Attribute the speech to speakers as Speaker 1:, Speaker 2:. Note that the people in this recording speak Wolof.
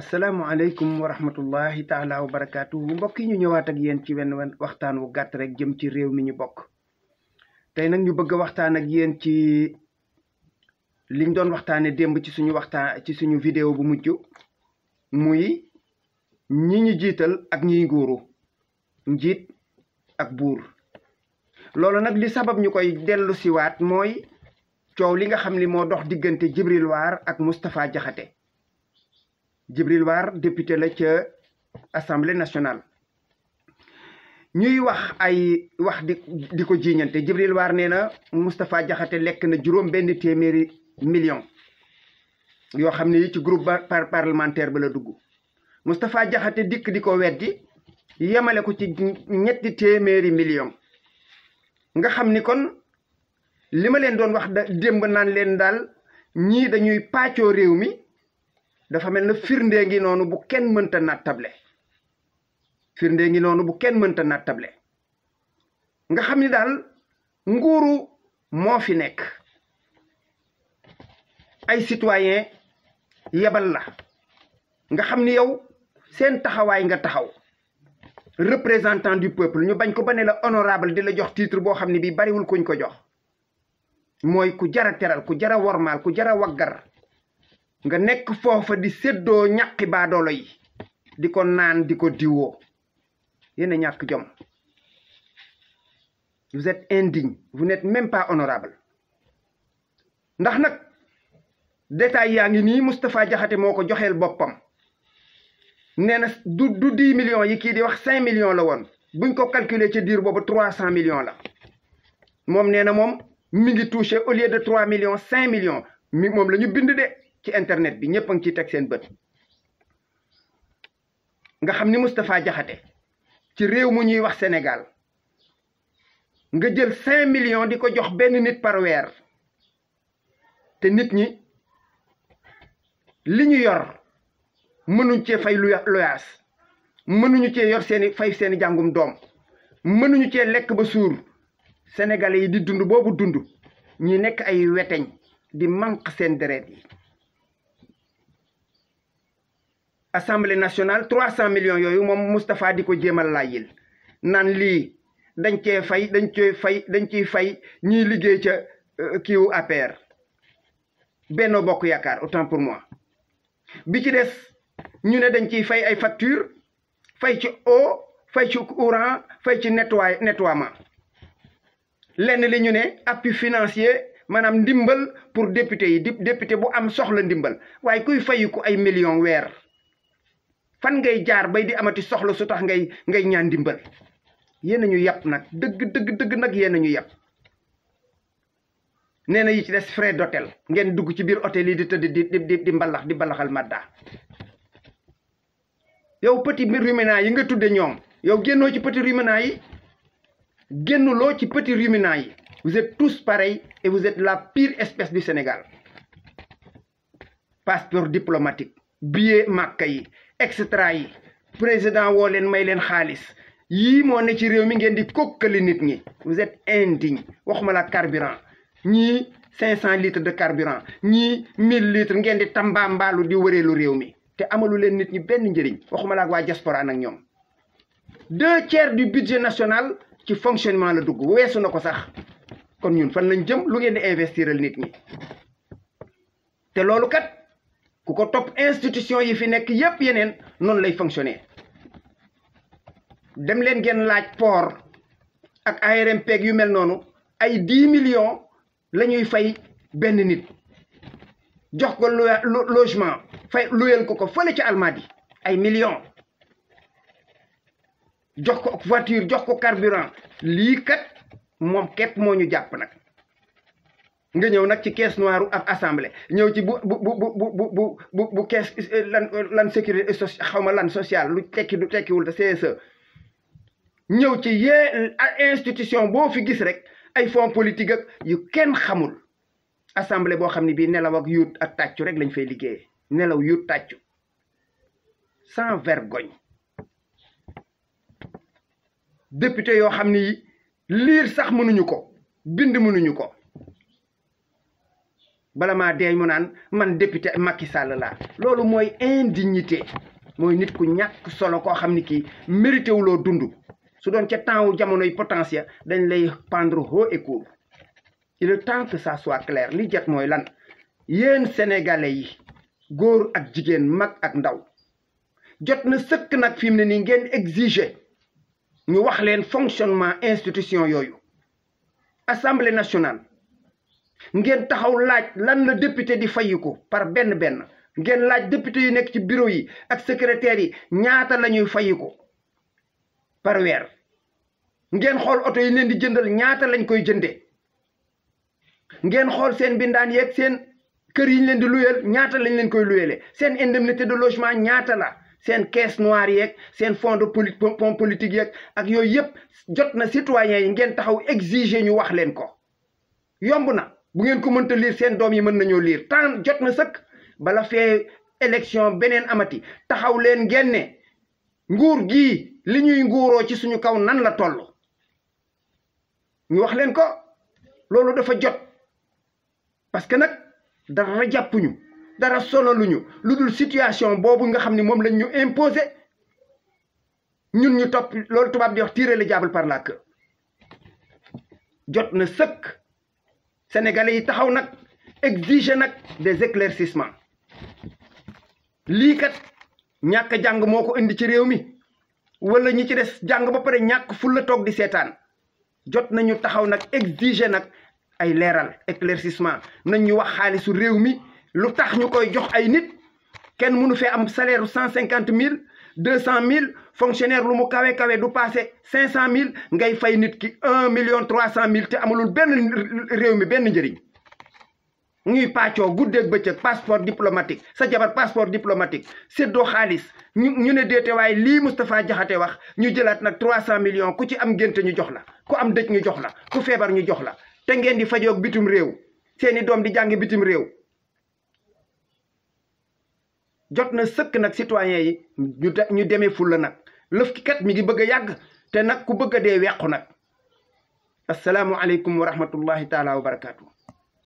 Speaker 1: asalaamaaleykum wa rahmatullahi taala wa barakaatu mbokk yi ñu ñëwaat ak yéen ci wenn waxtaan wu gàtt rek jëm ci réew mi ñu bokk tey nag ñu bëgg a waxtaan ak yéen ci liñ doon waxtaane démb ci suñu waxtaan ci suñu vidéo bu mujj muy ñi ñu jiital ak ñiy nguuru njiit ak buur loolu nag li sabab ñu koy dellu siwaat mooy coow li nga xam ni moo dox diggante Djibril waar ak Moustapha Diakhaté Djibril député la ca assemblée national ñuy wax ay wax di di ko jiiñante Djibril War nee na Moustapha lekk na juróom benn téeméeri million yoo xam ne yi ci groupe par parlementaire ba la dugg Moustapha Diakhaté dikk di ko weddi yemale ko ci ñetti téeméeri million nga xam ni kon lima leen doon wax da démb naan leen daal ñii dañuy pàccoo réew mi dafa mel na firndee ngi noonu bu kenn mënta nattable firndee ngi noonu bu kenn mënta nattable nga xam ni daal nguuru moo fi nekk ay citoyen yebal la nga xam ni yow seen taxawaay nga taxaw représentant du peuple ñu bañ ko ba ne la honorable di la jox titre boo xam ne bii bariwul kuñ ko jox mooy ku jara teral ku jara wormaal ku jara waggar nga nekk foofa di séddoo ñaqi baadoolo yi di ko naan di ko diwoo yéen ñàkk jom vous êtes indigne vous même pas honorable ndax nag détail yaa ngi nii Moustapha jaxate moo ko joxeel boppam nee na du du million yi kii di wax cinq millions la woon buñ ko calculer ci diir boobu trois cent millions la moom nee na moom mi ngi touché au de trois millions cinq millions mi moom la ñu bind de ci internet bi ñëpp a ngi ciy teg seen bët nga xam ni Moustapha Diakhaté ci réew mu ñuy wax senegal nga jël cinq millions di ko jox benn nit parweer te nit ñi li ñu yor mënuñ cee fay loyaas mënuñu cee yor seeni fay seeni jàngum doom mënuñu cee lekk ba suur senegale yi di dund boobu dund ñi nekk ay weteñ di manque seen deret yi assemblée nationale 300 millions yooyu moom Moustapha di ko jéemal laayil naan lii dañ cee fay dañ cee fay dañ ciy fay ñiy liggéey ca euh, kiiwu APR benn Bokk Yaakaar temps pour moi bi ci des ñu ne dañ ciy fay ay facture fay ci eau fay ci courant fay ci nettoy nettoiement lenn li ñu ne appui financier maanaam ndimbal pour député yi député bu am soxla ndimbal waaye kuy fayiku ay millions weer fan ngay jaar bay di amati soxla su tax ngay ngay ñaan dimbal yéen ñu yàpp nag dëgg dëgg dëgg nag yéen ñu yàpp nee na yi ci des frais d'hôtel ngeen dugg ci biir hôtel yi di tëdd di di di mbalax di mbalaxal madda yow petit ruminant yi nga tudde ñoom yow génnoo ci petit ruminant yi génnuloo ci petit ruminant yi vous êtes tous pareils et vous êtes la pire espèce du Sénégal passeport diplomatique billet màkka yi extra yi président woo leen may leen xaalis yii moo na ci réew mi ngeen di kokkali nit ñi vous êtes indigne waxuma la carburant ñii cinq cent litres de carburant ñi mille litres ngeen di tambaambaalu di wëreelu réew mi te amalu leen nit ñi benn njëriñ waxuma la ak waa diaspora nag ñoom deux tiers du budget national ci fonctionnement la dugg weesu na ko sax kon ñun fan lañ jëm lu ngeen di investiral nit ñi te loolu kat ku ko topp institution yi fi nekk yépp yeneen noonu lay fonctionner dem leen ngeen laaj port ak ARMP yu mel noonu ay dix millions la ñuy fay benn nit jox ko logement fay luyel ko ko fële ca Almadi ay millions jox ko voiture jox ko carburant lii kat moom képp moo ñu jàpp nag nga ñëw nag ci caisse noire ak assemblée ñëw ci bu bu bu bu bu bu bu caisse euh, lan euh, lan sécurité sociale xaw ma lan social lu tekki du tekkiwul te CSE ñëw ci yee institution boo fi gis rek ay fonds politique yu kenn xamul assemblée boo xam ne bii nelaw ak yuut ak tàccu rek lañ fay liggéeyee nelaw yuut tàccu sans vergogne député yoo xam ni liir sax mënuñu ko bind mënuñu ko bala maa deey mu naan man député Macky Sall laa loolu mooy indignité mooy nit ku ñàkk solo koo xam ni kii mérité wuloo dund su doon ca temps wu jamonoy potentiel dañ lay pendre haut et court il est temps que ça soit li jot mooy lan yéen sénégalais yi góor ak jigéen mag ak ndaw jot na sëkk nag fi mu ne nii ngeen exiger ñu wax leen fonctionnement institution yooyu assemblée nationale ngeen taxaw laaj lan la député di fayiku par benn benn ngeen laaj député yu nekk ci bureau yi ak secrétaire yi ñaata la ñuy fayiku par weer ngeen xool oto yi leen di jëndal ñaata lañ koy jëndee ngeen xool seen bindaan yeeg seen kër yi leen di luyeel ñaata lañ leen koy luyele seen indemnité de logement ñaata la seen caisse noire yeeg seen fond de pont politique yeeg ak yooyu yëpp jot na citoyen yi ngeen taxaw exiger ñu wax leen ko yomb na bu ngeen ko mënta liir seen doom yi mën nañoo liir temps jot na sëkk bala fee élection beneen amati taxaw leen génne nguur gi li ñuy nguuroo ci suñu kaw nan la toll ñu wax leen ko loolu dafa jot parce que nag dara jàppuñu dara sololuñu lu dul situation boobu nga xam ni moom lañ ñu imposé ñun ñu topp loolu tubaab di wax tirer le diable par la queue jot na sëkk sénégalais yi taxaw nag exiger nag des éclaircissements lii kat ñàkk jàng moo ko indi ci réew mi wala ñu ci des jàng ba pare ñàkk fulla toog di seetaan jot nañu taxaw nag exiger nag ay leeral éclaircissement nañ ñu wax xaalisu réew mi lu tax ñu koy jox ay nit kenn mënu fee am salaire cent cinquante mille deux cent mille fonctionnaire lu mu kawe kawe du passé cinq cent mille ngay fay nit ki un million trois cent mille te amulul benn réew mi benn njëriñ ñuy pàccoo guddeeg bëccëg passeport diplomatique sa jabar passeport diplomatique séddoo xaalis ñu ñu ne déete waaye lii Moustapha Diakhaté wax ñu jëlaat nag trois cent million ku ci am génte ñu jox la ku am dëj ñu jox la ku feebar ñu jox la te ngeen di fajoog bitum réew seeni doom di jàngi bitim réew jot na sëkk nag citoyen yi ñu de ñu demee fulla nag lëf ki kat mi ngi bëgg a yàgg te nag ku bëgg a dee wequ nag asalaamualeykum wa rahmatullahi taala wa barakaatu.